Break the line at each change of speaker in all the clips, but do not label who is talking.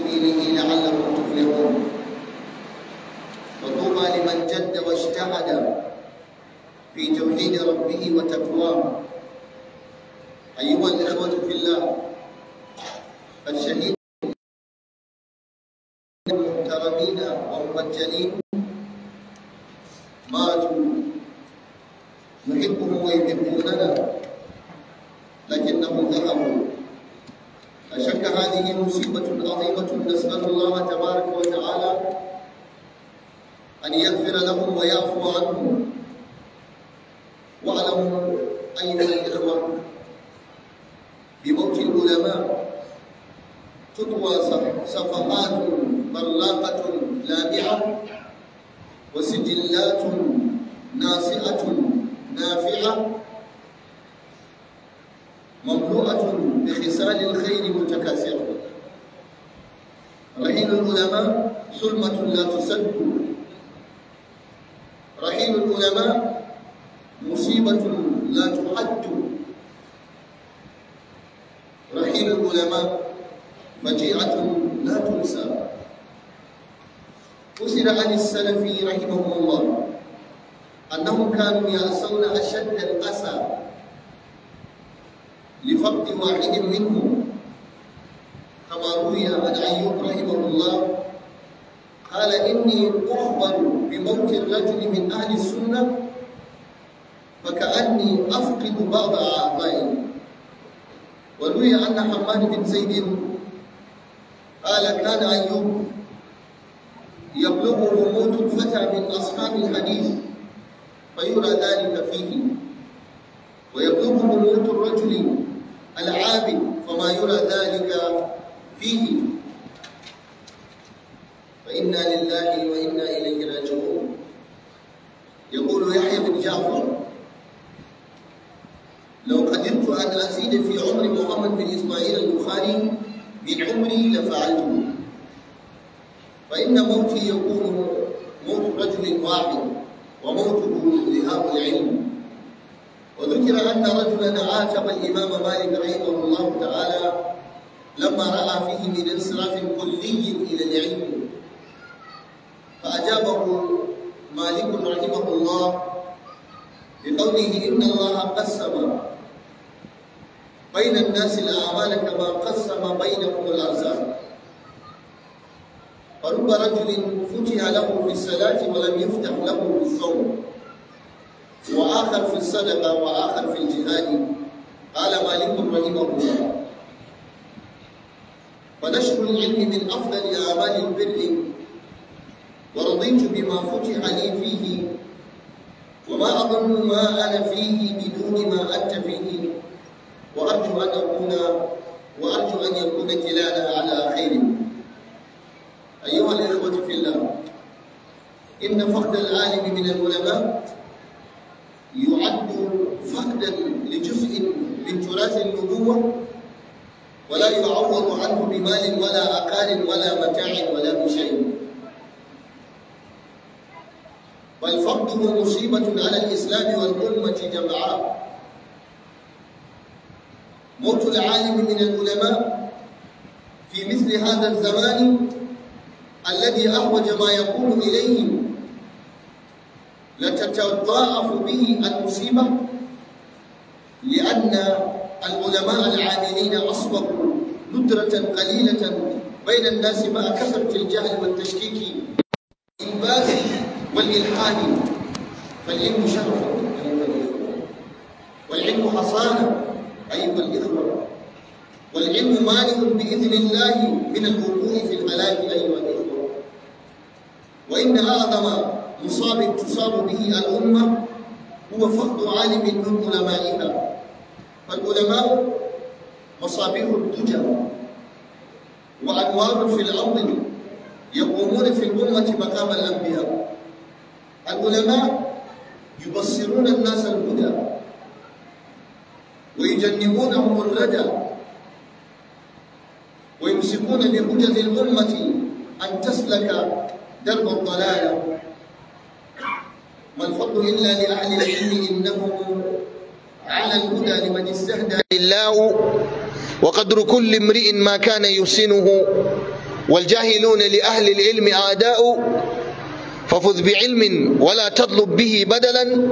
سبيله لعلكم تفلحون وطوبى لمن جد واجتهد في توحيد ربه وتقواه أيها الإخوة في الله الشهيد المحترمين والمجانين ماتوا نحبهم ويحبوننا لكنهم ذهبوا لا شك هذه مصيبة عظيمة نسأل الله تبارك وتعالى أن يغفر لهم ويعفو عنهم واعلموا أيها الإخوة بموت العلماء تطوى صفحات برلاقة لامعة وسجلات ناصعة نافعة مملوءة بخصال الخير متكاثرة رحيل العلماء سلمة لا تسد رحيل العلماء مصيبة لا تحد رحيل العلماء فجيعة لا تنسى أسر عن السلف رحمه الله أنهم كانوا يأسون أشد الأسى لفقد واحد منهم كما روي عن أيوب رحمه الله قال إني أخبر بموت الرجل من أهل السنة فكأني أفقد بعض أعضائي وروي عن حماد بن زيد قال كان أيوب يبلغه موت الفتى من أصحاب الحديث فيرى ذلك فيه ويبلغه موت الرجل العابد فما يرى ذلك فيه فإنا لله وإنا إليه راجعون يقول يحيى بن جعفر لو قدرت أن أزيد في عمر محمد بن إسماعيل البخاري من عمري لفعلته فإن موتي يكون موت رجل واحد وموته ذهاب العلم وذكر أن رجلا عاتب الإمام مالك رحمه الله تعالى لما رأى فيه من انصراف كلي إلى العلم فأجابه مالك رحمه الله بقوله إن الله قسم بين الناس الأعمال كما قسم بينهم الأرزاق فرب رجل فتح له في الصلاة ولم يفتح له في الصوم وآخر في الصدقة وآخر في الجهاد قال مالك رحمه الله فنشر العلم من أفضل اعمال البر ورضيت بما فتح لي فيه وما أظن ما أنا فيه بدون ما أنت فيه وأرجو أن أكون وأرجو أن يكون كلانا على خير أيها الإخوة في الله إن فقد العالم من العلماء يعد فقدا لجزء من تراث النبوة ولا يعوض عنه بمال ولا عقار ولا متاع ولا بشيء بل فقده مصيبة على الإسلام والأمة جمعاء موت العالم من العلماء في مثل هذا الزمان الذي أحوج ما يقول إليه لتتضاعف به المصيبة لأن العلماء العاملين أصبحوا ندرة قليلة بين الناس مع كثرة الجهل والتشكيك والإلباس والإلحاد فالعلم شرف أيها الإخوة والعلم حصانة أيها الإخوة والعلم مانع بإذن الله من الوقوع في الهلاك أيها الإخوة وإن أعظم يصاب تصاب به الأمة هو فقد عالم من علمائها فالعلماء مصابيح الدجى وأنوار في الأرض يقومون في الأمة مقام الأنبياء العلماء يبصرون الناس الهدى ويجنبونهم الردى ويمسكون بهدى الأمة أن تسلك درب الضلال والفضل إلا لأهل العلم إنه على الهدى لمن استهدى الله وقدر كل امرئ ما كان يحسنه والجاهلون لأهل العلم أعداء ففذ بعلم ولا تطلب به بدلا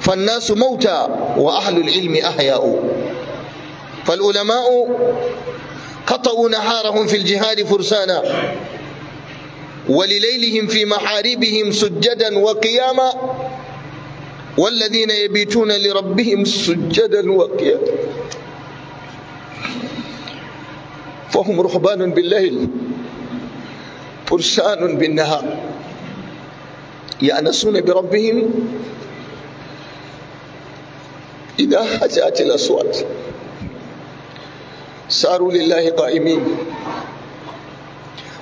فالناس موتى وأهل العلم أحياء فالعلماء قطعوا نهارهم في الجهاد فرسانا ولليلهم في محاربهم سجدا وقياما والذين يبيتون لربهم سجدا وقياما فهم رهبان بالليل فرسان بالنهار يأنسون بربهم إذا هجأت الأصوات ساروا لله قائمين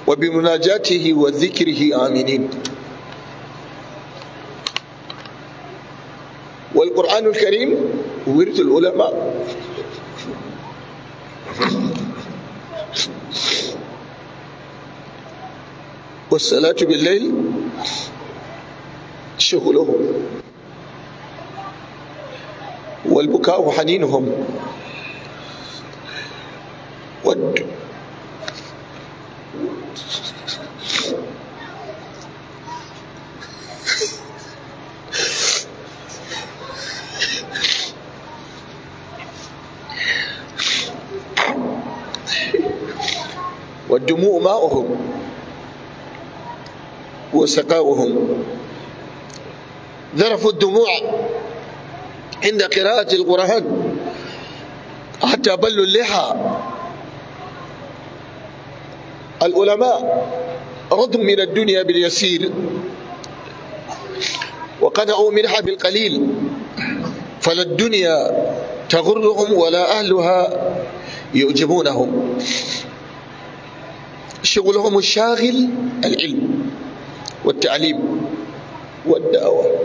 وبمناجاته وذكره آمنين والقرآن الكريم ورث العلماء والصلاة بالليل شغلهم والبكاء حنينهم الدموع ماؤهم وسقاؤهم ذرفوا الدموع عند قراءة القرآن حتى بلوا اللحى العلماء رضوا من الدنيا باليسير وقنعوا منها بالقليل فلا الدنيا تغرهم ولا أهلها يعجبونهم شغلهم الشاغل العلم والتعليم والدعوة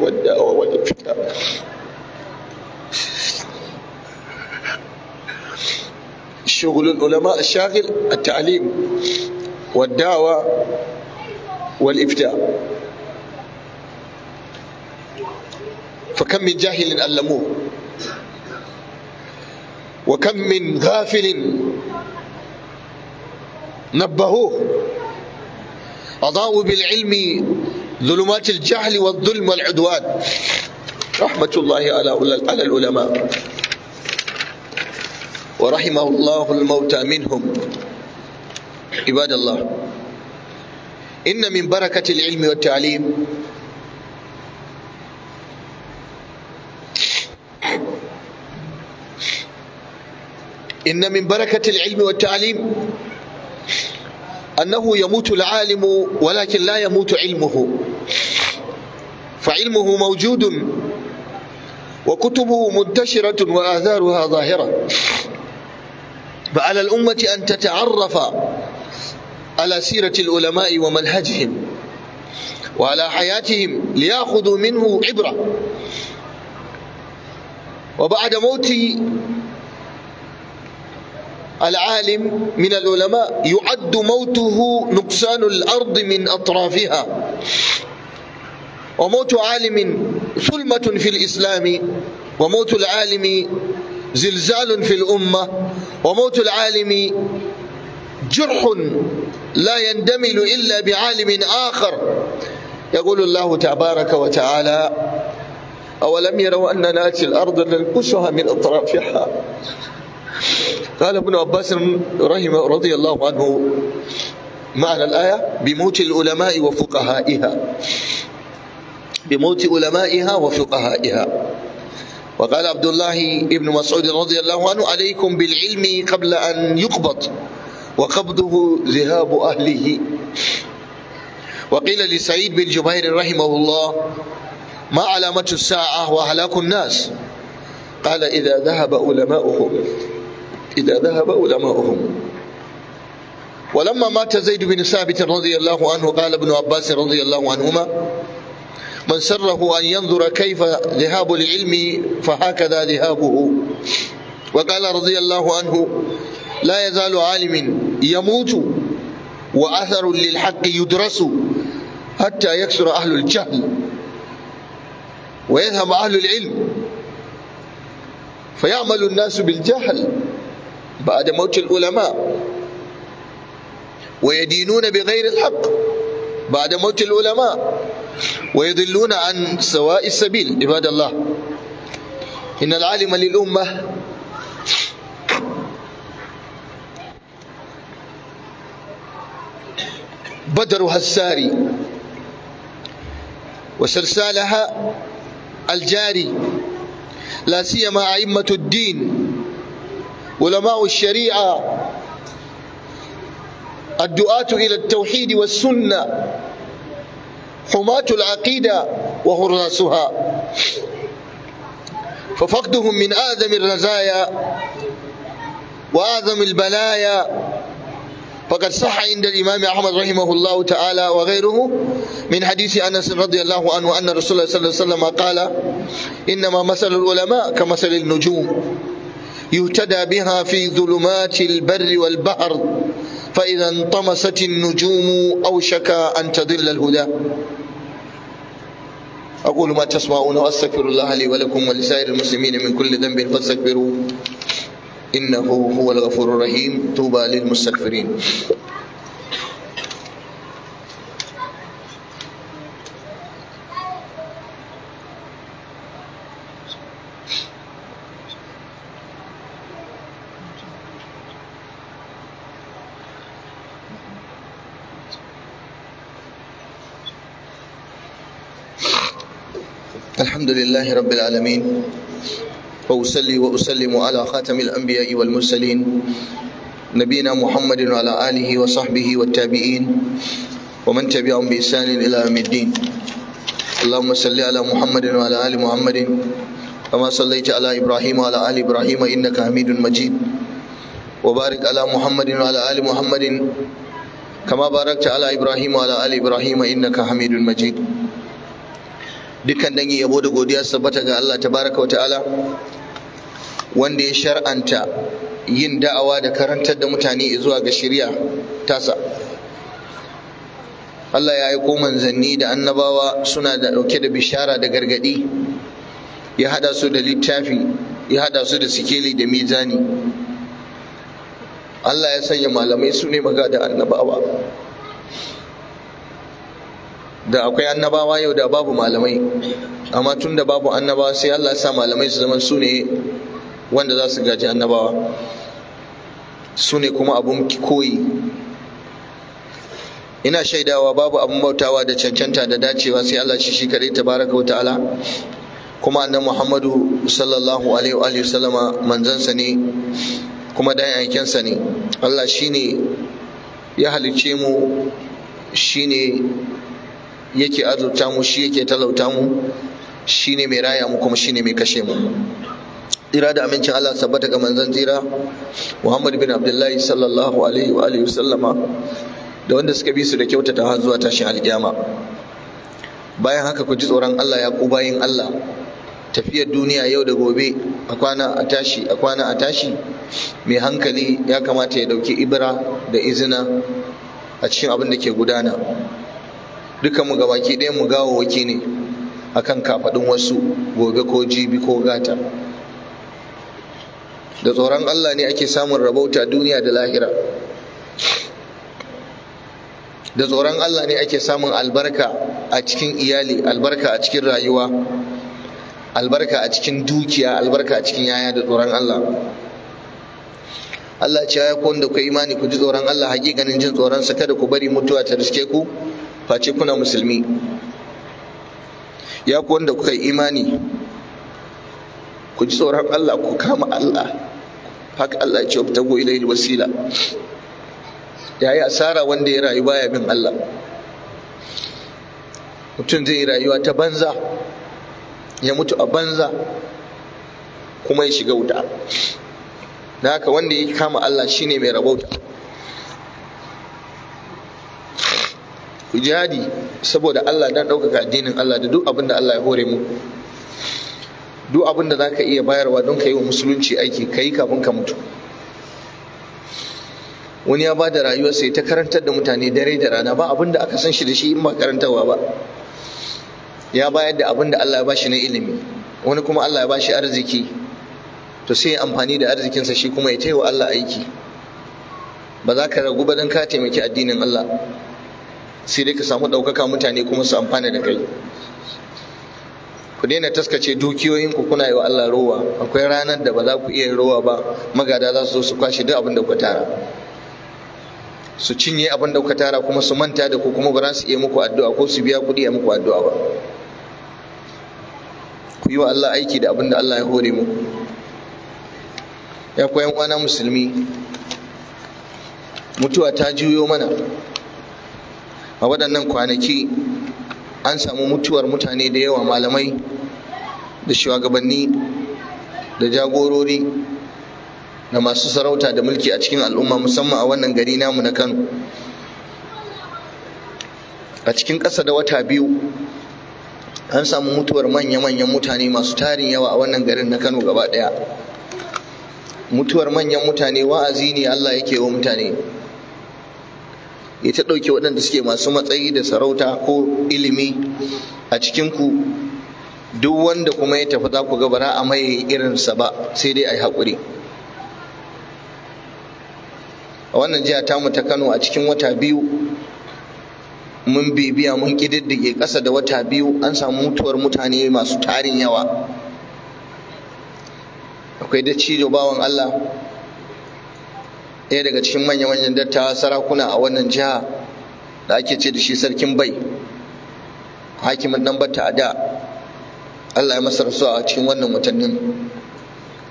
والدعوة والإفتاء شغل العلماء الشاغل التعليم والدعوة والإفتاء فكم من جاهل علموه وكم من غافل نبهوه أضاءوا بالعلم ظلمات الجهل والظلم والعدوان رحمة الله على العلماء ورحمه الله الموتى منهم عباد الله إن من بركة العلم والتعليم إن من بركة العلم والتعليم أنه يموت العالم ولكن لا يموت علمه فعلمه موجود وكتبه منتشرة وآثارها ظاهرة فعلى الأمة أن تتعرف على سيرة العلماء ومنهجهم وعلى حياتهم ليأخذوا منه عبرة وبعد موت العالم من العلماء يعد موته نقصان الأرض من أطرافها وموت عالم ثلمة في الإسلام وموت العالم زلزال في الأمة وموت العالم جرح لا يندمل إلا بعالم آخر يقول الله تبارك وتعالى أولم يروا أننا نأتي الأرض ننكسها من أطرافها قال ابن عباس رحمه رضي الله عنه معنى الآية بموت العلماء وفقهائها بموت علمائها وفقهائها وقال عبد الله ابن مسعود رضي الله عنه عليكم بالعلم قبل أن يقبض وقبضه ذهاب أهله وقيل لسعيد بن جبير رحمه الله ما علامة الساعة وهلاك الناس قال إذا ذهب علماؤهم إذا ذهب علماؤهم ولما مات زيد بن ثابت رضي الله عنه قال ابن عباس رضي الله عنهما من سره أن ينظر كيف ذهاب العلم فهكذا ذهابه وقال رضي الله عنه لا يزال عالم يموت وأثر للحق يدرس حتى يكثر أهل الجهل ويذهب أهل العلم فيعمل الناس بالجهل بعد موت العلماء ويدينون بغير الحق بعد موت العلماء ويضلون عن سواء السبيل عباد الله إن العالم للأمة بدرها الساري وسرسالها الجاري لا سيما أئمة الدين علماء الشريعة الدعاة إلى التوحيد والسنة حماة العقيدة وهراسها ففقدهم من آدم الرزايا وآدم البلايا فقد صح عند الإمام أحمد رحمه الله تعالى وغيره من حديث أنس رضي الله عنه أن رسول الله صلى الله عليه وسلم قال إنما مثل العلماء كمثل النجوم يهتدى بها في ظلمات البر والبحر فإذا انطمست النجوم أوشك أن تضل الهدى أقول ما تسمعون وأستغفر الله لي ولكم ولسائر المسلمين من كل ذنب فاستغفروه إنه هو الغفور الرحيم توبى للمستغفرين لله رب العالمين وأصلي وأسلم على خاتم الأنبياء والمرسلين نبينا محمد وعلى آله وصحبه والتابعين ومن تبعهم بإحسان إلى يوم الدين اللهم صل على محمد وعلى آل محمد كما صليت على إبراهيم وعلى آل إبراهيم إنك حميد مجيد وبارك على محمد وعلى آل محمد كما باركت على إبراهيم وعلى آل إبراهيم إنك حميد مجيد dukkan dangin yabo da godiya su bata ga Allah tabaraka wa ta'ala wanda ya shar'anta yin da'awa da karantar da mutane zuwa ga shirya tasa Allah ya aiko manzanni da annabawa suna da dauke da bishara da gargadi ya hada su da littafi ya hada su da sikeli da mizani Allah ya sanya malamai su ne maga da annabawa da akwai annabawa yau da babu malamai amma tun da babu annabawa sai Allah sa malamai su zama su ne wanda za su gaji annabawa su ne kuma abun koyi ina shaidawa babu abun bautawa da cancanta da dacewa sai Allah shi shi kare tabaraka wa ta'ala kuma annan Muhammadu sallallahu alaihi wa sallama manzansa ne kuma dan aikensa ne Allah shine ya halicce mu shine yake azurta mu shi yake talauta mu shi ne mai raya mu kuma shi ne mai kashe mu tsira da amincin Allah sabbata ga manzan tsira Muhammad bin Abdullahi sallallahu alaihi wa alihi sallama da wanda suka bi su da kyautata har zuwa tashin alkiyama bayan haka ku ji tsoron Allah ya ku bayin Allah tafiyar duniya yau da gobe a kwana a tashi a kwana a tashi mai hankali ya kamata ya dauki ibra da izina a cikin abin da ke gudana duka mu gabaki ɗaya mu gawo waki ne akan kafaɗin wasu gobe ko jibi ko gata da tsoron Allah ne ake samun rabauta duniya da lahira da tsoron Allah ne ake samun albarka a cikin iyali albarka a cikin rayuwa albarka a cikin dukiya albarka a cikin yaya da tsoron Allah Allah ce ya ku ku imani ku ji tsoron Allah haƙiƙanin jin tsoron sa kada ku bari mutuwa ta riske ku face kuna musulmi ya ku wanda kuka yi imani ku ji tsoron Allah ku kama Allah haka Allah ya ce wa tago ilayhi wasila Ya yi asara wanda ya rayu baya bin Allah mutum zai yi rayuwa ta banza ya mutu a banza kuma ya shiga wuta na haka wanda ya kama Allah shine mai rabauta ku jihadi saboda Allah dan ɗaukaka addinin Allah da duk abin da Allah ya hore mu duk abin da ka iya bayarwa don ka yi wa musulunci aiki ka yi kafin ka mutu wani ya ba da sai ta karantar da mutane dare da rana ba abin da aka san shi da shi in ba karantarwa ba ya bayar da abin da Allah ya bashi na ilimi wani kuma Allah ya bashi arziki to sai ya amfani da arzikinsa shi kuma ya taiwa Allah aiki ba za ka ragu ba don ka taimaki addinin Allah sai dai ka samu ɗaukaka mutane kuma su amfana da kai ku daina taskace dukiyoyin ku kuna yi wa Allah rowa akwai ranar da ba za ku iya rowa ba magada za su zo su kwashe duk abin da ku tara su cinye abin da ku tara kuma su manta da ku kuma ba za su iya muku addu'a ko su biya kuɗi a muku addu'a ba ku yi wa Allah aiki da abin da Allah ya hore muku ya koyan kwana musulmi mutuwa ta juyo mana a waɗannan kwanaki an samu mutuwar mutane da yawa malamai da shugabanni da jagorori da masu sarauta da mulki a cikin al'umma musamman a wannan gari namu na kano a cikin ƙasa da wata biyu an samu mutuwar manya-manyan mutane masu tarin yawa a wannan garin na kano gaba ɗaya mutuwar manyan mutane wa'azi ne allah yake wa mutane ya ta ɗauke waɗanda suke masu matsayi da sarauta ko ilimi a cikinku duk wanda kuma ya tafi za ku ga bara a mai irinsa ba sai dai a yi haƙuri a wannan jiya tamu ta kano a cikin wata biyu mun bibiya mun ƙididdige ƙasa da wata biyu an samu mutuwar mutane masu tarin yawa akwai da cijo bawan allah ɗaya daga cikin manya-manyan dattawa sarakuna a wannan jiha da ake ce da shi sarkin bai hakimin dan bata a da Allah ya masa rasuwa a cikin wannan watannin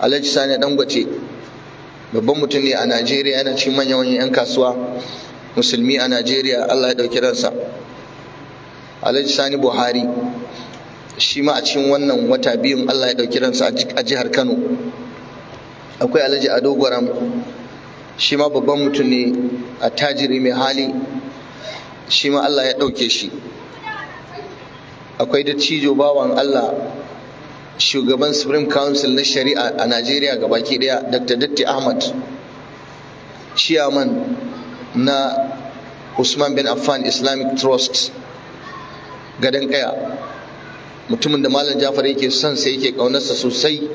Alhaji Sani Dangote babban mutum ne a Najeriya yana cikin manya-manyan 'yan kasuwa musulmi a Najeriya Allah ya ɗauki ransa Alhaji Sani Buhari shi ma a cikin wannan wata biyun Allah ya ɗauki ransa a jihar Kano akwai Alhaji Ado Gwaram shi ma babban mutum ne a tajiri mai hali shi ma Allah ya ɗauke shi akwai da cijo bawan Allah shugaban supreme council na shari'a a najeriya ga baki ɗaya, dr datti ahmad chairman na usman bin affan islamic trust gadon kaya mutumin da malam jafar yake son sai yake kaunarsa sosai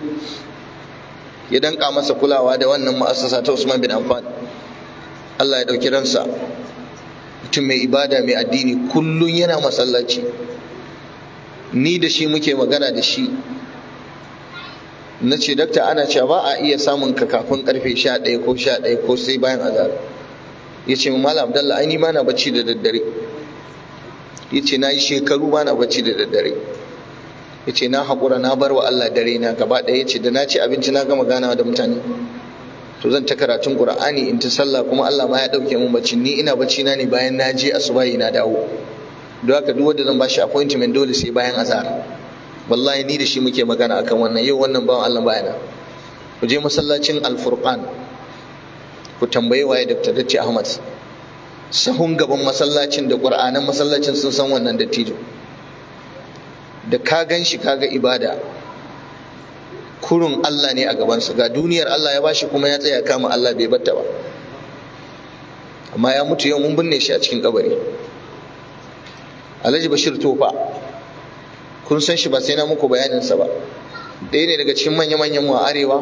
ya danka masa kulawa da wannan ma'asasa ta Usman bin Affan Allah ya dauki ransa mutum mai ibada mai addini kullun yana masallaci ni da shi muke magana da shi na ce dakta ana cewa ba a iya samun ka kafin karfe 11 ko 11 ko sai bayan azhar ya ce mu malam abdallah ai ni na bacci da daddare ya ce na yi shekaru ba na bacci da daddare ya ce na haƙura na bar wa Allah dare na gaba ɗaya ya ce da na ci abinci na gama ganawa da mutane to zan ta karatun ƙur'ani in ta sallah kuma Allah ma ya ɗauke mun bacci ni ina bacci na ne bayan na je asubahi na dawo don haka duk wanda zan ba shi appointment dole sai bayan azhar wallahi ni da shi muke magana akan wannan yau wannan bawan Allah bayana ku je masallacin alfurqan ku tambaye waye Dr. Dacci Ahmad sahun gaban masallacin da ƙur'anan masallacin sun san wannan dattijo da ka gan shi kaga ibada kurun Allah ne a gabansa ga duniyar Allah ya bashi kuma ya tsaya kama Allah bai batta ba amma ya mutu yau mun binne shi a cikin kabari Alhaji Bashir Tofa kun san shi ba sai na muku bayaninsa ba ɗaya ne daga cikin manya-manyan mu a arewa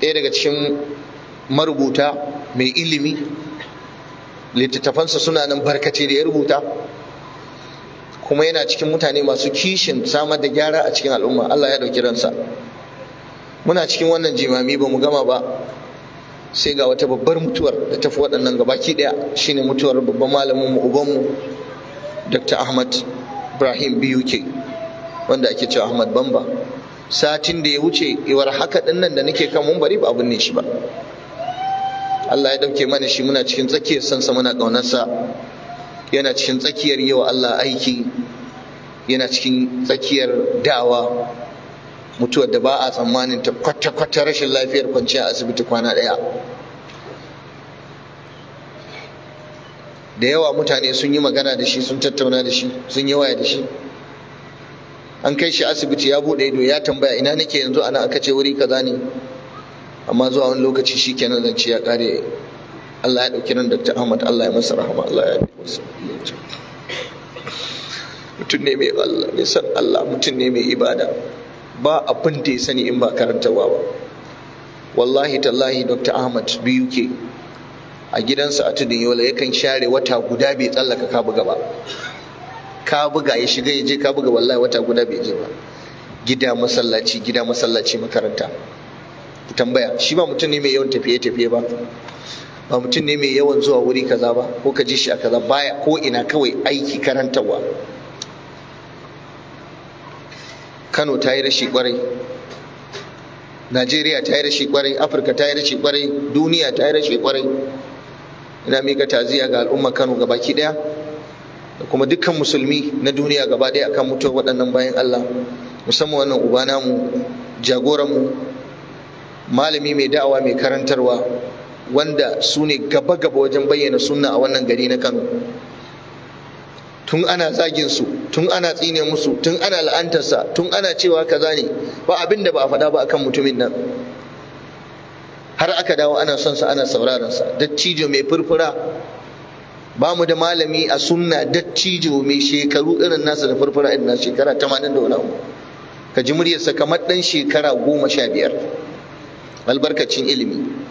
ɗaya daga cikin marubuta mai ilimi littattafansa suna nan barkace da ya rubuta kuma yana cikin mutane masu kishin samar da gyara a cikin al'umma Allah ya ɗauki ransa muna cikin wannan jimami ba mu gama ba sai ga wata babbar mutuwar da tafi waɗannan gabaki ɗaya shine mutuwar babban malamin mu ubanmu Dr. Ahmad Ibrahim BUK wanda ake cewa Ahmad Bamba satin da ya wuce iwar haka ɗinnan da nake kan mun bari ba abin ne shi ba Allah ya ɗauke mana shi muna cikin tsakiyar sansa muna ƙaunarsa yana cikin tsakiyar yi Allah aiki yana cikin tsakiyar dawa mutuwar da ba a tsammanin ta kwata-kwata rashin lafiyar kwanciya asibiti kwana ɗaya da yawa mutane sun yi magana da shi sun tattauna da shi sun yi waya da shi an kai shi asibiti ya buɗe ido ya tambaya ina nake yanzu ana aka ce wuri kaza ne amma zuwa wani lokaci shi kenan zance ya kare. Allah ya ɗauki nan Dr. Ahmad Allah ya masa rahama Allah ya masa mutum ne mai Allah mai san Allah mutum ne mai ibada ba abin da ya sani in ba karantarwa ba wallahi tallahi Dr. Ahmad biyu ke a gidansa a tudun yola yakan share wata guda bai tsallaka ka buga ba ka buga ya shiga ya je ka buga wallahi wata guda bai je ba gida masallaci gida masallaci makaranta tambaya shi ba mutum ne mai yawan tafiye-tafiye ba ba mutum ne mai yawan zuwa wuri kaza ba ko ka ji shi a kaza baya ko ina kawai aiki karantarwa kano ta yi rashi kwarai najeriya ta yi rashi kwarai afirka ta yi rashi kwarai duniya ta yi rashi kwarai ina mika taziya ga al'umma kano baki daya da kuma dukkan musulmi na duniya gaba daya akan mutuwar waɗannan bayan allah musamman wannan uba namu jagoranmu malami mai da'awa mai karantarwa wanda su ne gaba-gaba wajen bayyana sunna a wannan gari na kano tun ana zagin su tun ana tsine musu tun ana la'antarsa tun ana cewa kaza ne ba abin da ba a faɗa ba akan mutumin nan har aka dawo ana son sa ana sauraron sa dattijo mai furfura ba mu da malami a sunna dattijo mai shekaru irin nasa da furfura irin na shekara 80 da ka ji muryarsa kamar dan shekara goma sha biyar albarkacin ilimi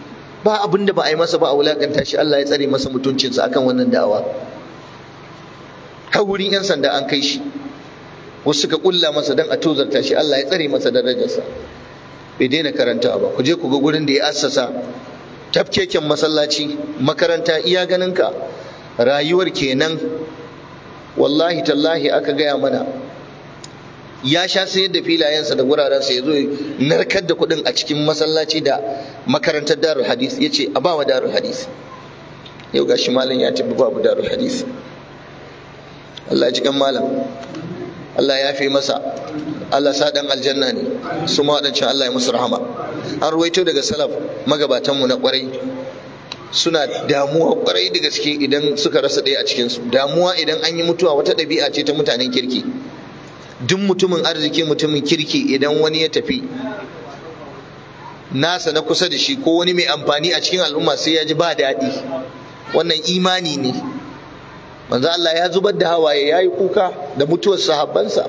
ba abin da ba a yi masa ba a wulakanta shi Allah ya tsare masa mutuncinsa akan wannan da'awa har wurin 'yan sanda an kai shi wasu suka kulla masa dan a tozarta shi Allah ya tsare masa darajarsa bai daina karanta ba ku je ku ga gurin da ya assasa tafkeken masallaci makaranta iya ganinka rayuwar kenan wallahi tallahi aka gaya mana ya sha sayar da filayensa da wurarensa ya zo narkar da kuɗin a cikin masallaci da makarantar darul hadis ya ce a bawa darul hadis yau gashi malam ya tafi babu darul hadis Allah ji kan malam Allah ya fi masa Allah sa dan aljanna ne su ma wadancan Allah ya musu rahama an ruwaito daga salaf magabatanmu na kwarai suna damuwa kwarai da gaske idan suka rasa ɗaya a cikinsu damuwa idan an yi mutuwa wata ɗabi'a ce ta mutanen kirki duk mutumin arziki mutumin kirki idan wani ya tafi nasa na kusa da shi ko wani mai amfani a cikin al'umma sai ya ji ba daɗi wannan imani ne manzo Allah ya zubar da hawaye ya yi kuka da mutuwar sahabbansa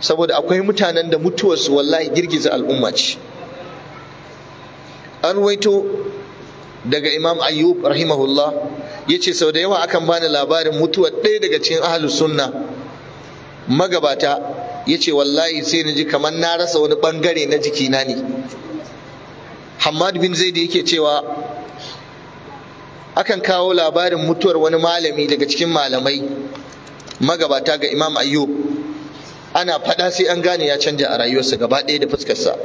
saboda akwai mutanen da mutuwarsu wallahi girgiza al'umma ce an waito daga imam ayyub rahimahullah ya ce sau da yawa akan bani labarin mutuwar ɗaya daga cikin ahlus sunna magabata ya ce wallahi sai na ji kamar na rasa wani bangare na jikina ne hamad bin da yake cewa akan kawo labarin mutuwar wani malami daga cikin malamai magabata ga imam ayyub ana faɗa sai an gane ya canja a rayuwarsa gaba ɗaya da fuskarsa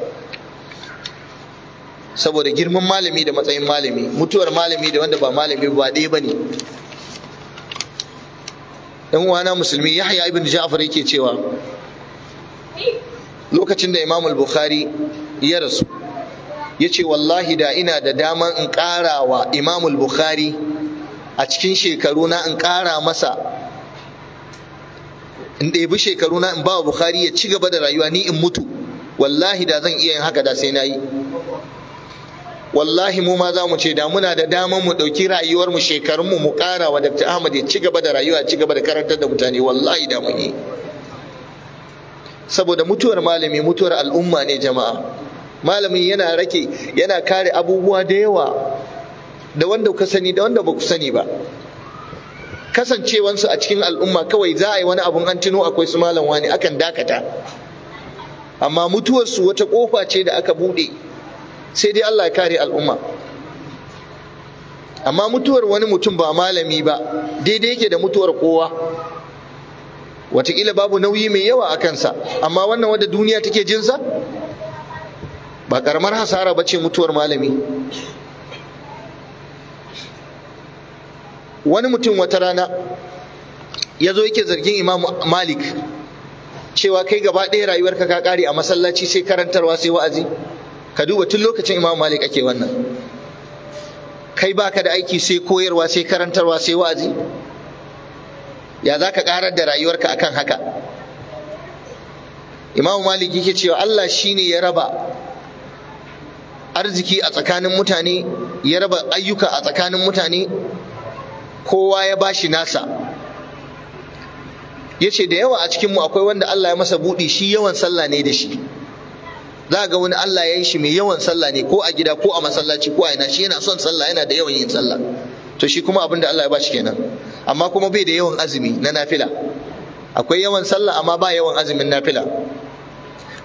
saboda girman malami da matsayin malami mutuwar malami da wanda ba malami ba ɗaya ba ne ɗan uwana musulmi yahya ibn ja'far yake cewa lokacin da imam al-bukhari ya rasu ya ce wallahi da ina da damar in karawa imam al-bukhari a cikin shekaru na in kara masa in ɗebi shekaru na in ba bukhari ya ci gaba da rayuwa ni in mutu wallahi da zan iya yin haka da sai na yi wallahi mu ma za mu ce da muna da damar mu ɗauki rayuwar mu shekarun mu mu ƙara wa Dr. Ahmad ya ci gaba da rayuwa ci gaba da karantar da mutane wallahi da mun yi saboda mutuwar malami mutuwar al'umma ne jama'a malami yana rake yana kare abubuwa da yawa da wanda ku sani da wanda ba ku sani ba kasancewansu a cikin al'umma kawai za a yi wani abun an tuno akwai su malam wani akan dakata amma mutuwarsu wata kofa ce da aka buɗe sai dai Allah ya kare al'umma amma mutuwar wani mutum ba malami ba daidai yake da mutuwar kowa wataƙila babu nauyi mai yawa a kansa amma wannan wadda duniya take jinsa ba ƙaramar hasara ba ce mutuwar malami wani mutum wata rana ya zo yake zargin imam malik cewa kai gaba ɗaya rayuwarka ka kare a masallaci sai karantarwa sai wa'azi ka duba tun lokacin Imam Malik ake wannan kai baka da aiki sai koyarwa sai karantarwa sai wa'azi ya za ka karar da rayuwarka akan haka Imam Malik yake cewa Allah shine ya raba arziki a tsakanin mutane ya raba ayyuka a tsakanin mutane kowa ya shi nasa ya ce da yawa a cikinmu akwai wanda Allah ya masa buɗi shi yawan sallah ne da shi za ga wani Allah ya yi shi mai yawan sallah ne ko a gida ko a masallaci ko a ina shi yana son sallah yana da yawan yin sallah to shi kuma abin da Allah ya ba shi kenan amma kuma bai da yawan azumi na nafila akwai yawan sallah amma ba yawan azumin nafila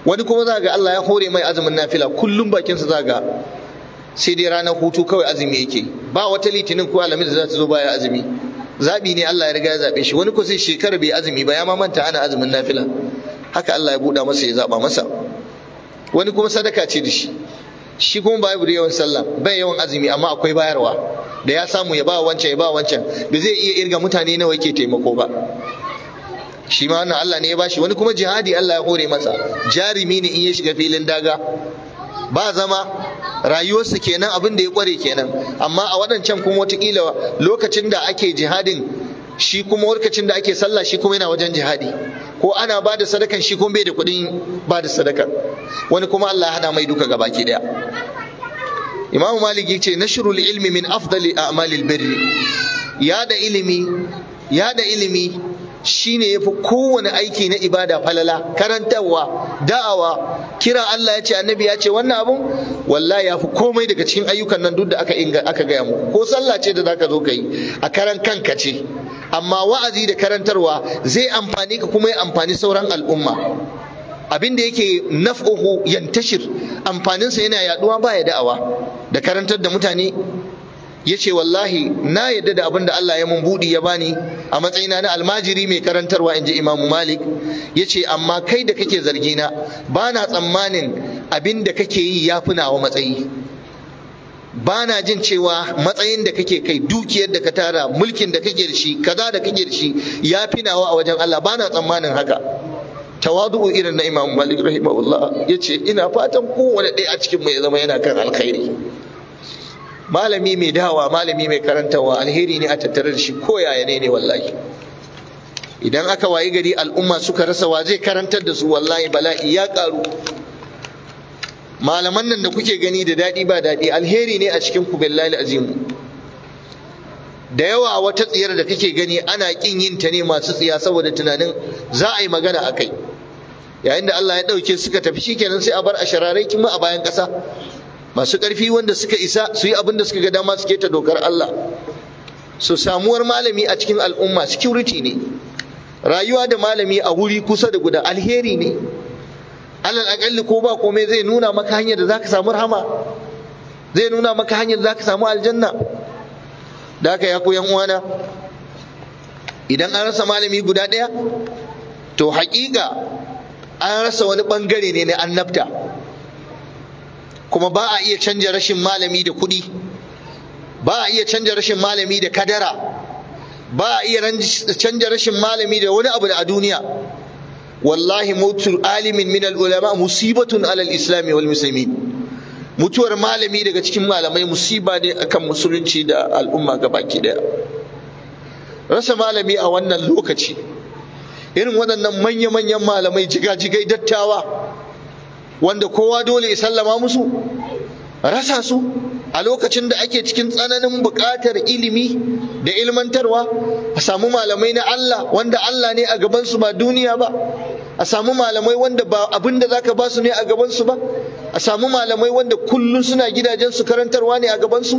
wani kuma za ga Allah ya hore mai azumin nafila kullum bakinsa za ga sai dai ranar hutu kawai azumi yake ba wata litinin ko alamin da za ta zo baya azumi zabi ne Allah ya riga ya zabe shi wani ko sai shekara bai azumi ba ya ma manta ana azumin nafila haka Allah ya buɗa masa ya zaba masa wani kuma sadaka ce da shi shi kuma ba da yawan sallah bai yawan azumi amma akwai bayarwa da ya samu ya ba wancan ya ba wancan da zai iya irga mutane nawa yake taimako ba shi ma wannan Allah ne ya bashi wani kuma jihadi Allah ya hore masa jarimi ne in ya shiga filin daga ba zama rayuwarsa kenan abin da ya kware kenan amma a waɗancan kuma watakila lokacin da ake jihadin shi kuma lokacin da ake sallah shi kuma yana wajen jihadi ko ana ba da sadakan shi kuma bai da kuɗin ba da sadakan wani kuma Allah ya mai duka gabaki daya. Imam Malik yace nashrul ilmi min afdali a'malil birri yada ilimi yada ilimi shine yafi kowane aiki na ibada falala karantarwa da'awa kira Allah ya ce annabi ya ce wannan abun wallahi yafi komai daga cikin ayyukan nan duk da aka inga aka gaya mu ko sallah ce da zaka zo ka yi a karan kanka ce amma wa'azi da karantarwa zai amfani ka kuma ya amfani sauran al'umma abin da yake naf'uhu yantashir amfaninsa yana yaduwa ya da'awa da karantar da mutane ya ce wallahi na yadda da abin da Allah ya mun budi ya bani a matsayina na almajiri mai karantarwa in ji imamu malik Yace amma kai da kake zargina ba na tsammanin abin da kake yi ya fi nawa matsayi ba na jin cewa matsayin da kake kai dukiyar da ka tara mulkin da kake da shi kaza da kake da shi ya fi nawa a wajen Allah ba na tsammanin haka tawadu'u irin na Imam Malik rahimahullah yace ina fatan kowane ɗaya a cikin mu ya zama yana kan alkhairi malami mai dawa malami mai karantawa alheri ne a tattare da shi ko yaya ne ne wallahi idan aka wayi gari al'umma suka rasa wa zai karantar da su wallahi bala'i ya karu malaman nan da kuke gani da daɗi ba daɗi alheri ne a cikin ku billahi azim da yawa wata tsiyar da kake gani ana kin yin ta ne masu tsiya saboda tunanin za a yi magana a kai yayin da Allah ya ɗauke suka tafi shikenan sai a bar a shararai kuma a bayan ƙasa masu ƙarfi wanda suka isa su yi abin da suka ga dama suke ta dokar Allah Su samuwar malami a cikin al'umma security ne rayuwa da malami a wuri kusa da guda alheri ne alal aƙalli ko ba komai zai nuna maka hanyar da zaka samu rahama zai nuna maka hanyar da zaka samu aljanna da haka ya ku yan uwana idan an rasa malami guda ɗaya to haƙiƙa an rasa wani ɓangare ne na annabta kuma ba a iya canja rashin malami da kuɗi ba a iya canja rashin malami da kadara ba a iya canja rashin malami da wani abu da a duniya wallahi mutu alimin min ulama musibatun alal islami wal muslimin mutuwar malami daga cikin malamai musiba ne akan musulunci da al'umma ga baki daya rasa malami a wannan lokaci irin waɗannan manya-manyan malamai jiga-jigai dattawa wanda kowa dole ya sallama musu rasa su a lokacin da ake cikin tsananin buƙatar ilimi da ilmantarwa a samu malamai na Allah wanda Allah ne a gabansu ba duniya ba a samu malamai wanda ba abin da zaka ba su ne a gabansu ba a samu malamai wanda kullum suna gidajen su karantarwa ne a gabansu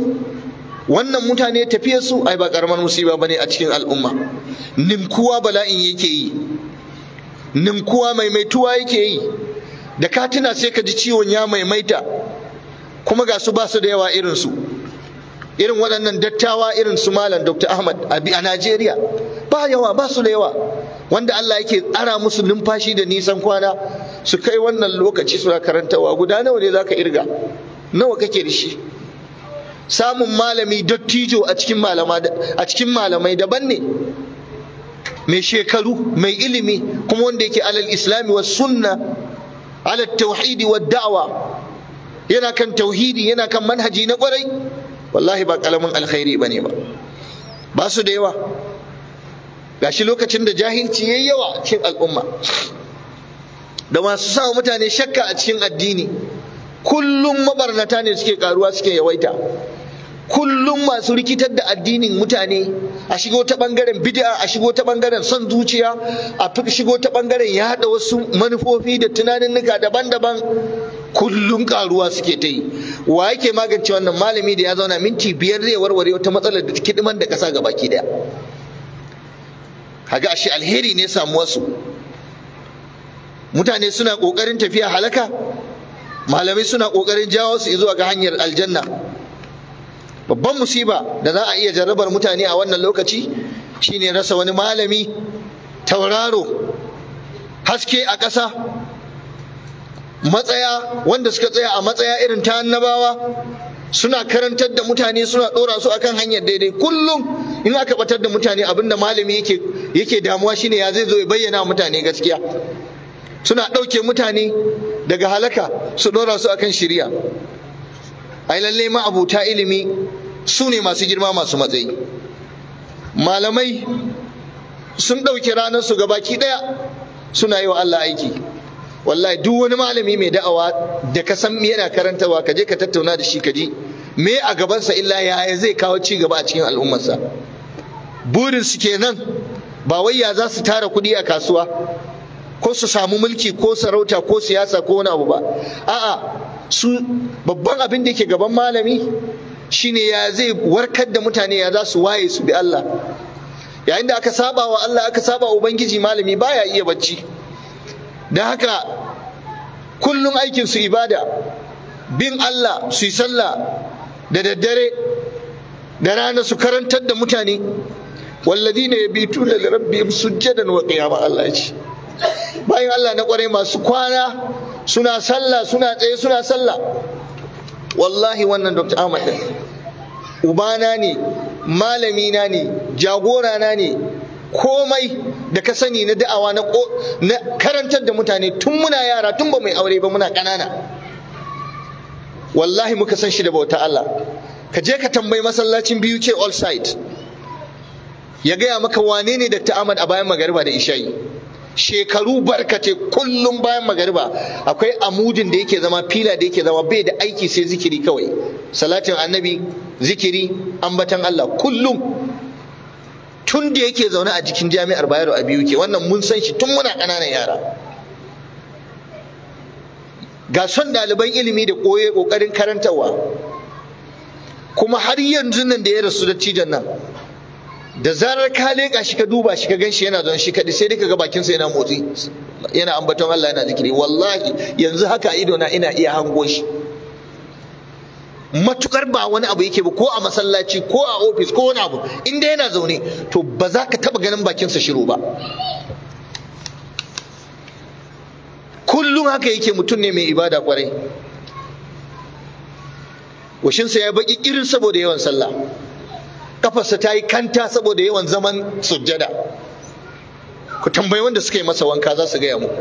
wannan mutane tafiyar su ai ba karamar musiba bane a cikin al'umma nimkuwa bala'in yake yi nimkuwa maimaituwa yake yi da katina sai ka ji ciwon ya maimaita kuma ga su ba su da yawa irin su irin waɗannan dattawa irin su malam dr ahmad a najeriya ba yawa ba su da yawa wanda allah yake ara musu numfashi da nisan kwana su kai wannan lokaci suna karantawa guda nawa ne za ka irga nawa kake da shi samun malami dattijo a cikin malamai daban ne mai shekaru mai ilimi kuma wanda yake alal islami wa sunna alal tauhidi wa da'awa. yana kan tauhidi yana kan manhaji na kwarai wallahi ba kalamin alkhairi bane ba ba su da yawa gashi lokacin da jahilci yayi yawa cikin al'umma da masu sa mutane shakka a cikin addini kullum mabarnata ne suke karuwa suke yawaita kullum masu rikitar da addinin mutane a shigo ta bangaren bid'a a shigo ta bangaren son zuciya a shigo ta bangaren ya haɗa wasu manufofi da tunaninnika daban-daban kullum karuwa suke ta yi wa yake magance wannan malami da ya zauna minti biyar zai warware wata matsalar da kidiman da kasa baki daya kaga ashe alheri ne wasu. mutane suna kokarin tafiya halaka malamai suna kokarin jawo su zuwa ga hanyar aljanna babban musiba da za a iya jarrabar mutane a wannan lokaci shine rasa wani malami tauraro haske a ƙasa matsaya wanda suka tsaya a matsaya irin ta annabawa suna karantar da mutane suna ɗora su akan hanyar daidai kullum in aka batar da mutane abinda malami yake damuwa shine ya zai zo ya bayyana mutane gaskiya suna ɗauke mutane daga halaka su ɗora su akan shirya ai lalle ma abuta ilimi su ne masu girma masu matsayi malamai sun ɗauke ranar su gabaki ɗaya suna yi wa Allah aiki wallahi duk wani malami mai da'awa da ka san yana karantawa ka je ka tattauna da shi ka ji me a gabansa illa ya zai kawo ci gaba a cikin al'ummarsa burin su kenan ba wai ya za su tara kuɗi a kasuwa ko su samu mulki ko sarauta ko siyasa ko wani abu ba a'a su babban abin da yake gaban malami shine ya zai warkar da mutane ya za su waye su bi Allah yayin da aka saba wa Allah aka saba ubangiji malami baya iya bacci da haka kullum aikin su ibada bin Allah su yi sallah da daddare da rana su karantar da mutane bi tuna da rabbi sujjadan wa qiyama Allah ya ce bayan Allah na kware masu kwana suna sallah suna tsaye suna sallah wallahi wannan Dr. Ahmad din ubana ne malami na ne jagora na ne komai da ka sani na da'awa na karantar da mutane tun muna yara tun ba mai aure ba muna kanana. wallahi muka san shi da bauta Allah ka je ka tambayi masallacin biyu ce all side ya gaya maka wane ne Dr. Ahmad a bayan magariba da ishayi shekaru barkace kullum bayan magariba akwai amudin da yake zama fila da yake zama bai da aiki sai zikiri kawai salatin annabi zikiri ambatan Allah kullum tun da yake zaune a cikin jami'ar bayero a biyu ke wannan mun san shi tun muna ƙananan yara ga son ɗaliban ilimi da koye ƙoƙarin karantarwa kuma har yanzu nan da ya rasu da cijan nan da zarar ka leƙa shi ka duba shi ka gan shi yana zan shi kaɗi sai ga bakinsa yana motsi yana ambaton Allah yana zikiri wallahi yanzu haka ido na ina iya hango shi matukar ba wani abu yake ba ko a masallaci ko a ofis ko wani abu inda yana zaune to ba za ka taba ganin bakinsa shiru ba kullum haka yake mutum ne mai ibada kwarai washinsa ya baki irin saboda yawan sallah kafarsa ta yi kanta saboda yawan zaman sujjada ku tambayi wanda suka yi masa wanka za su gaya muku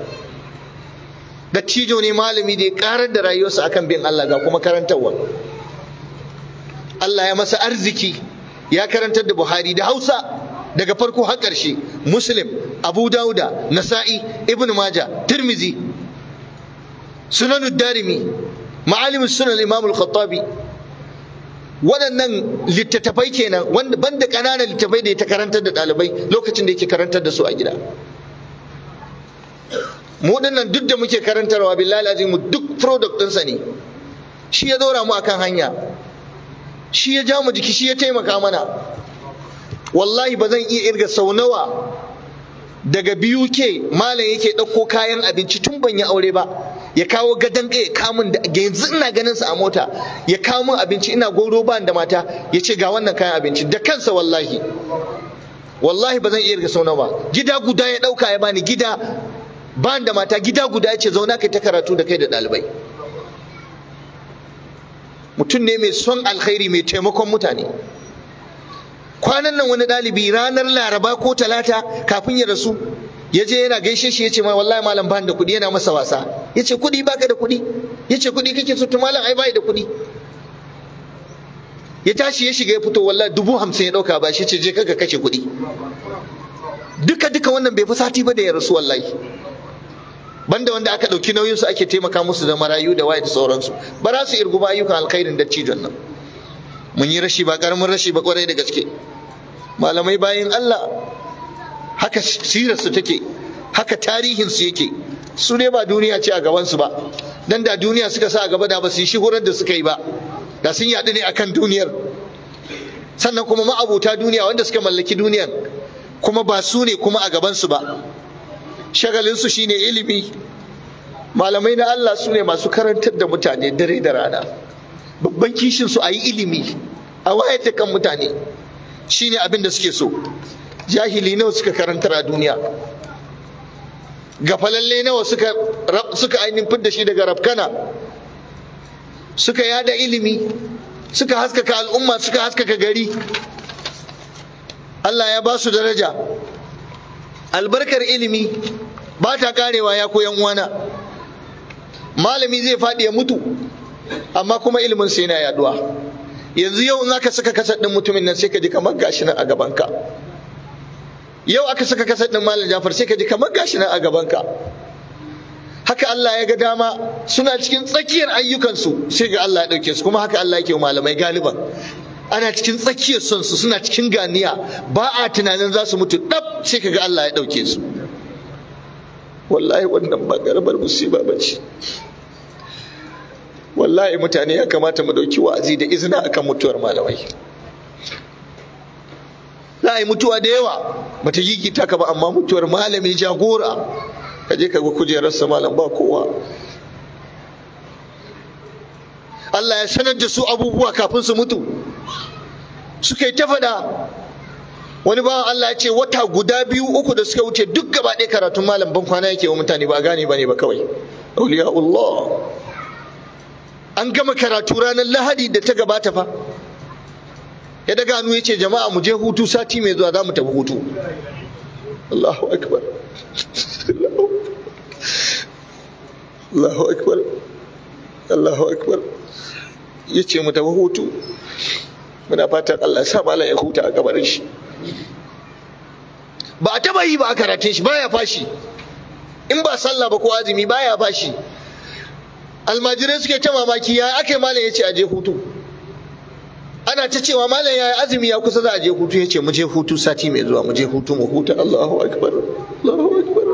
dattijo ne malami da ya karar da rayuwarsa akan bin Allah ga kuma karantarwa Allah ya masa arziki ya karantar da Buhari da Hausa daga farko har ƙarshe Muslim Abu Dauda Nasa'i Ibn Majah Tirmizi Sunan Darimi Ma'alim Sunan Imam Al-Khattabi waɗannan littattafai kenan wanda banda ƙananan littattafai da ya ta karantar da ɗalibai lokacin da yake karantar da su a gida mu dinnan duk da muke karantarwa billahi lazim duk product ɗinsa ne shi ya dora mu akan hanya shi ya ja mu jiki shi ya taimaka mana wallahi ba zan iya irga sau nawa daga biyu ke malam yake ɗauko kayan abinci tun ban yi aure ba ya kawo gadon ya kamun da yanzu ina ganin sa a mota ya kawo abinci ina goro ba da mata ya ce ga wannan kayan abinci da kansa wallahi wallahi ba zan iya irga sau nawa gida guda ya ɗauka ya bani gida ba da mata gida guda ya ce zauna kai ta karatu da kai da ɗalibai mutum ne mai son alkhairi mai taimakon mutane kwanan nan wani ɗalibi ranar laraba ko talata kafin ya rasu ya je yana gaishe shi ya ce mai wallahi malam ba da kuɗi yana masa wasa ya ce kuɗi baka da kuɗi ya ce kuɗi kake so malam ai bai da kuɗi ya tashi ya shiga ya fito wallahi dubu hamsin ya ɗauka ba shi ce je kaka kashe kuɗi duka duka wannan bai fi sati ba da ya rasu wallahi banda wanda aka ɗauki nauyin su ake taimaka musu da marayu da waye da sauransu ba za su irgu ba ayyukan alkhairin da cijon nan mun yi rashi ba karamin rashi ba kwarai da gaske malamai bayan Allah haka sirarsu take haka tarihinsu yake su ne ba duniya ce a gabansu ba dan da duniya suka sa a gaba da ba su shi horar da suka yi ba da sun yaɗu ne akan duniyar sannan kuma ma'abuta duniya wanda suka mallaki duniyar kuma ba su ne kuma a gabansu ba shagalinsu shine ilimi malamai na Allah su ne masu karantar da mutane dare da rana babban kishinsu a yi ilimi a wayar da kan mutane shine abin da suke so jahili nawa suka karantar a duniya gafalalle nawa suka suka ainihin fidda shi daga rafkana suka yada ilimi suka haskaka al'umma suka haskaka gari Allah ya ba su daraja albarkar ilimi ba ta karewa ya koyan uwana malami zai faɗi ya mutu amma kuma ilimin sai yana yaduwa yanzu yau in aka saka kasar ɗin mutumin nan sai ka ji kamar gashi nan a gabanka yau aka saka kasar ɗin malam jafar sai ka ji kamar gashi nan a gabanka haka Allah ya ga dama suna cikin tsakiyar ayyukansu sai ga Allah ya ɗauke su kuma haka Allah yake malamai galiban ana cikin tsakiyar son su suna cikin ganiya ba a tunanin za su mutu ɗab sai ga Allah ya ɗauke su wallahi wannan ba karamar musiba ba ce wallahi mutane ya kamata mu ɗauki wa'azi da izina akan mutuwar malamai za a yi mutuwa da yawa bata gigita ka ba amma mutuwar malami jagora ka je ka ga kujerarsa malam ba kowa Allah ya sanar da su abubuwa kafin su mutu suka yi ta faɗa wani bawan Allah ya ce wata guda biyu uku da suka wuce duk gaba ɗaya karatun malam ban kwana yake wa mutane ba gane ba ne ba kawai Allah an gama karatu ranar lahadi da ta gabata fa ya daga hannu ya ce jama'a mu je hutu sati mai zuwa za mu tafi hutu Allahu akbar Allahu akbar ya ce mu tafi hutu muna fatan Allah sa malam ya huta a kabarin shi ba a taba yi ba a karatun shi baya fashi in ba sallah ba ko azumi baya fashi almajirai suke ta mamaki ya ake malam ya ce aje hutu ana ta cewa malam ya azumi ya kusa za a je hutu ya ce mu je hutu sati mai zuwa mu je hutu mu huta Allahu akbar Allahu akbar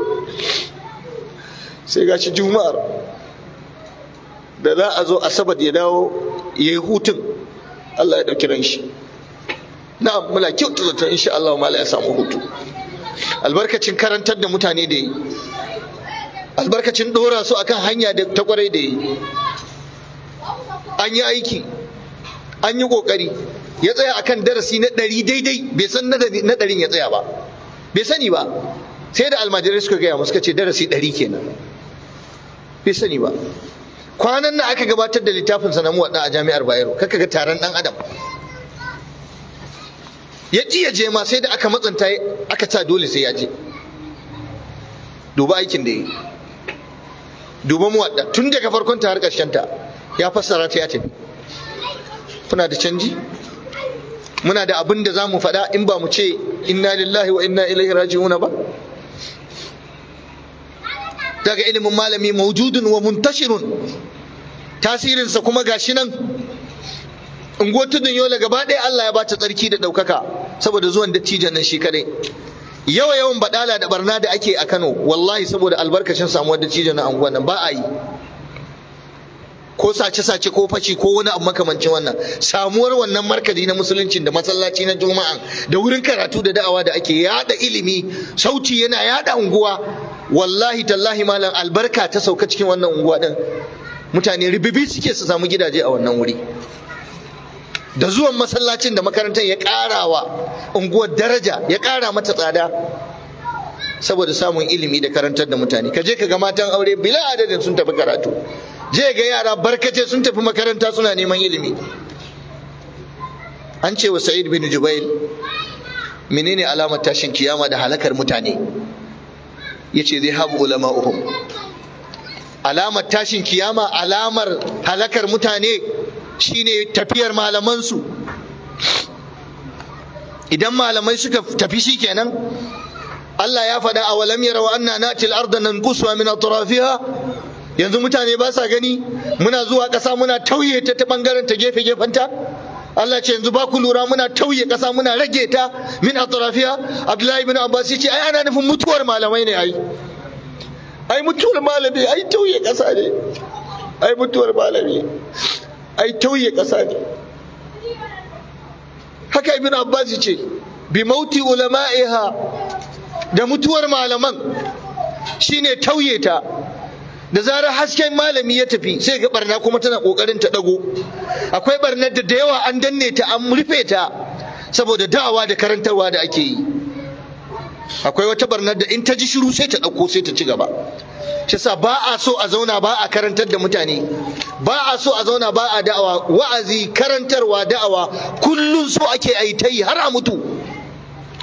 sai gashi juma'ar da za a zo asabar ya dawo ya yi hutun Allah ya ɗauki ran shi na'am muna kyautu in insha Allah mala ya samu hutu albarkacin karantar da mutane da yi albarkacin ɗora su akan hanya da ta kwarai da yi an yi aiki an yi ƙoƙari ya tsaya akan darasi na ɗari daidai bai san na ɗarin ya tsaya ba bai sani ba sai da almajirai suka gaya mu suka ce darasi ɗari kenan bai sani ba kwanan nan aka gabatar da littafin sa na muwadda a jami'ar bayero kaka ga taron dan adam ya ji ya je ma sai da aka matsanta aka sa dole sai ya je duba aikin da yi duba mu wadda tun daga farkon ta har ta ya fassara ta ya tafi kuna da canji muna da abin da za mu faɗa in ba mu ce inna lillahi wa inna ilaihi raji'una ba daga ilimin malami maujudun wa muntashirun tasirinsa kuma gashi nan unguwar tudun yola gaba ɗaya Allah ya bata tsarki da ɗaukaka saboda zuwan dattijan nan shi kadai yawa yawan badala da barna da ake a Kano wallahi saboda albarkacin samuwar dattijan na unguwar nan ba a yi ko sace-sace ko fashi ko wani abu makamancin wannan samuwar wannan markazi na musulunci da masallaci na juma'a da wurin karatu da da'awa da ake yada ilimi sauti yana yada unguwa wallahi tallahi malam albarka ta sauka cikin wannan unguwa din mutane ribibi suke su samu gidaje a wannan wuri da zuwan masallacin da makarantar ya ƙara unguwar daraja ya kara mata tsada saboda samun ilimi da karantar da mutane ka je ka ga matan aure bila adadin sun tafi karatu je ga yara barkace sun tafi makaranta suna neman ilimi an ce wa sa'id bin jubail menene alamar tashin kiyama da halakar mutane yace zai habu ulama'uhum alamar tashin kiyama alamar halakar mutane shine tafiyar malamansu idan malamai suka tafi shi kenan Allah ya faɗa a walam yarawa anna natil arda guswa min atrafiha yanzu mutane ba sa gani muna zuwa ƙasa muna tauye ta ta ɓangaren ta gefe gefenta Allah ce yanzu ba ku lura muna tauye ƙasa muna rage ta min atrafiya Abdullahi ibn Abbas ce ai ana nufin mutuwar malamai ne ai ai mutuwar malami ai tauye ƙasa ne ai mutuwar malami ai tauye ƙasa ne haka ibn Abbas ce bi mauti ulama'iha da mutuwar malaman shine tauye ta da zarar hasken malami ya tafi sai ga barna kuma tana kokarin ta dago akwai barnar da da yawa an danne ta an rufe ta saboda da'awa da karantarwa da ake yi akwai wata barnar da in ta ji shiru sai ta ɗauko sai ta ci gaba shi sa ba a so a zauna ba a karantar da mutane ba a so a zauna ba a da'awa wa'azi karantarwa da'awa kullum so ake ayi har a mutu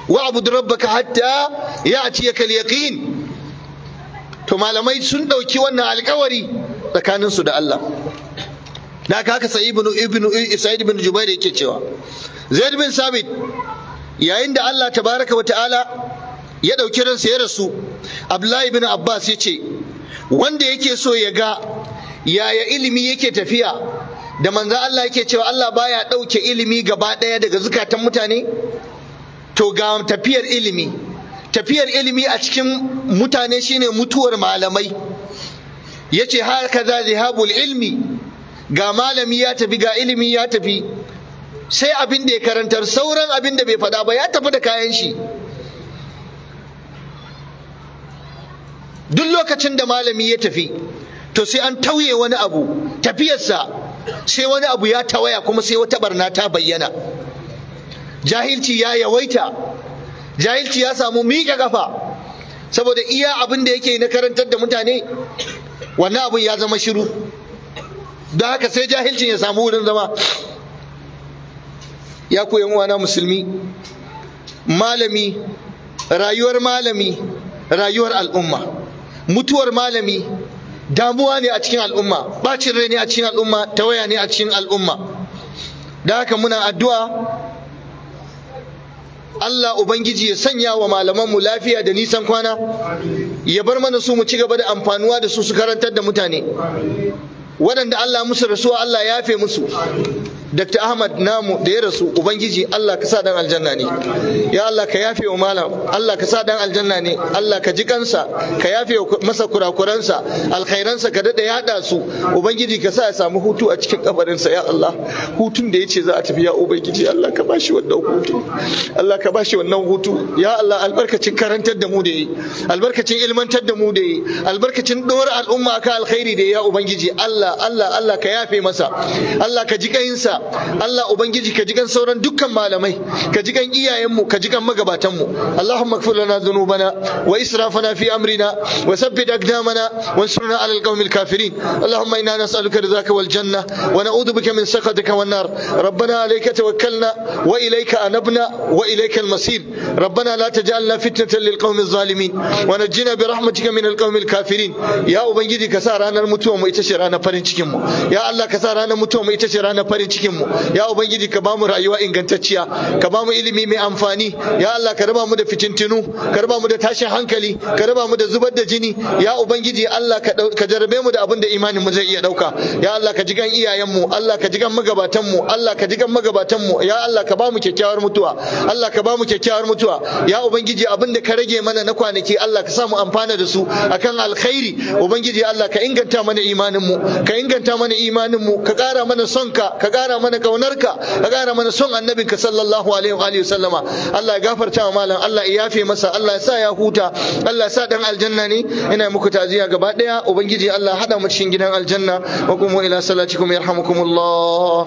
wa abu rabbaka hatta ya ci yakal yaqin to malamai sun ɗauki wannan alkawari tsakaninsu da Allah da aka haka sai ibnu ibnu Isaid ibn jubair yake cewa zaid bin sabit yayin da Allah tabaraka wata'ala ya dauki ransa ya rasu abdullahi ibn abbas ya ce wanda yake so ya ga yaya ilimi yake tafiya da manzo Allah yake cewa Allah baya dauke ilimi gaba daya daga zukatan mutane to ga tafiyar ilimi tafiyar ilimi a cikin mutane shine mutuwar malamai yace haka za zihabul ilmi ga malami ya tafi ga ilimi ya tafi sai abin da ya karantar sauran abin da bai faɗa ba ya tafi da kayan shi duk lokacin da malami ya tafi to sai an tauye wani abu tafiyarsa sai wani abu ya tawaya kuma sai wata barna ta bayyana jahilci ya yawaita jahilci ya samu miƙe ƙafa saboda iya abin da yake na karantar da mutane wannan abin ya zama shiru don haka sai jahilcin ya samu wurin zama ya koyan wana musulmi malami rayuwar malami rayuwar al'umma mutuwar malami damuwa ne a cikin al'umma bacin rai ne a cikin al'umma tawaya ne a cikin al'umma da haka muna addu'a Allah Ubangiji ya sanya wa malamanmu lafiya da nisan kwana ya bar mana su mu ci gaba da amfanuwa da su su karantar da mutane waɗanda Allah musu rasuwa Allah ya fe musu Dr. Ahmad namu da ya rasu Ubangiji Allah ka sa dan aljanna ne ya Allah ka yafe wa malam Allah ka sa dan aljanna ne Allah ka ji kansa ka yafe masa kurakuransa alkhairansa ka dada yaɗa su Ubangiji ka sa ya samu hutu a cikin kabarinsa ya Allah hutun da ya ce za a tafi ya Ubangiji Allah ka bashi wannan hutu Allah ka bashi wannan hutu ya Allah albarkacin karantar da mu da yi albarkacin ilmantar da mu da yi albarkacin dora al'umma ka alkhairi da ya Ubangiji Allah Allah Allah ka yafe masa Allah ka ji kayinsa Allah Ubangiji ka ji kan sauran dukkan malamai ka ji kan iyayenmu ka ji kan magabatanmu Allahumma ighfir lana dhunubana wa israfana fi amrina wa sabbit aqdamana wa ansurna ala alqawm alkafirin Allahumma inna nas'aluka ridhaka wal janna wa na'udhu bika min sakhatika wan nar Rabbana alayka tawakkalna wa ilayka anabna wa ilayka almasir Rabbana la taj'alna fitnatan lilqawm alzalimin wa najjina bi rahmatika min alqawm alkafirin Ya Ubangiji ka sa ranar mutuwa mu ita ce ranar farin cikin mu Ya Allah ka sa ranar mutuwa mu ita ce ranar farin cikin mu ya ubangiji ka bamu rayuwa ingantacciya ka bamu ilimi mai amfani ya Allah ka raba mu da fitintinu ka raba mu da tashin hankali ka raba mu da zubar da jini ya ubangiji Allah ka jarabe mu da abin da imanin mu zai iya dauka ya Allah ka jigan iyayen mu Allah ka jigan magabatan mu Allah ka jigan magabatan mu ya Allah ka bamu kyakkyawar mutuwa Allah ka bamu kyakkyawar mutuwa ya ubangiji abin da ka rage mana na kwanaki Allah ka samu amfana da su akan alkhairi ubangiji Allah ka inganta mana imanin mu ka inganta mana imanin mu ka kara mana son ka ka kara mana kaunarka ka ƙara mana son annabinka sallallahu alaihi wa sallama Allah ya gafarta wa malam Allah ya yafe masa Allah ya sa ya huta Allah ya sa dan aljanna ne ina muku taziya gaba daya ubangiji Allah hada mu cikin gidan aljanna wa kuma ila salatikum yarhamukumullah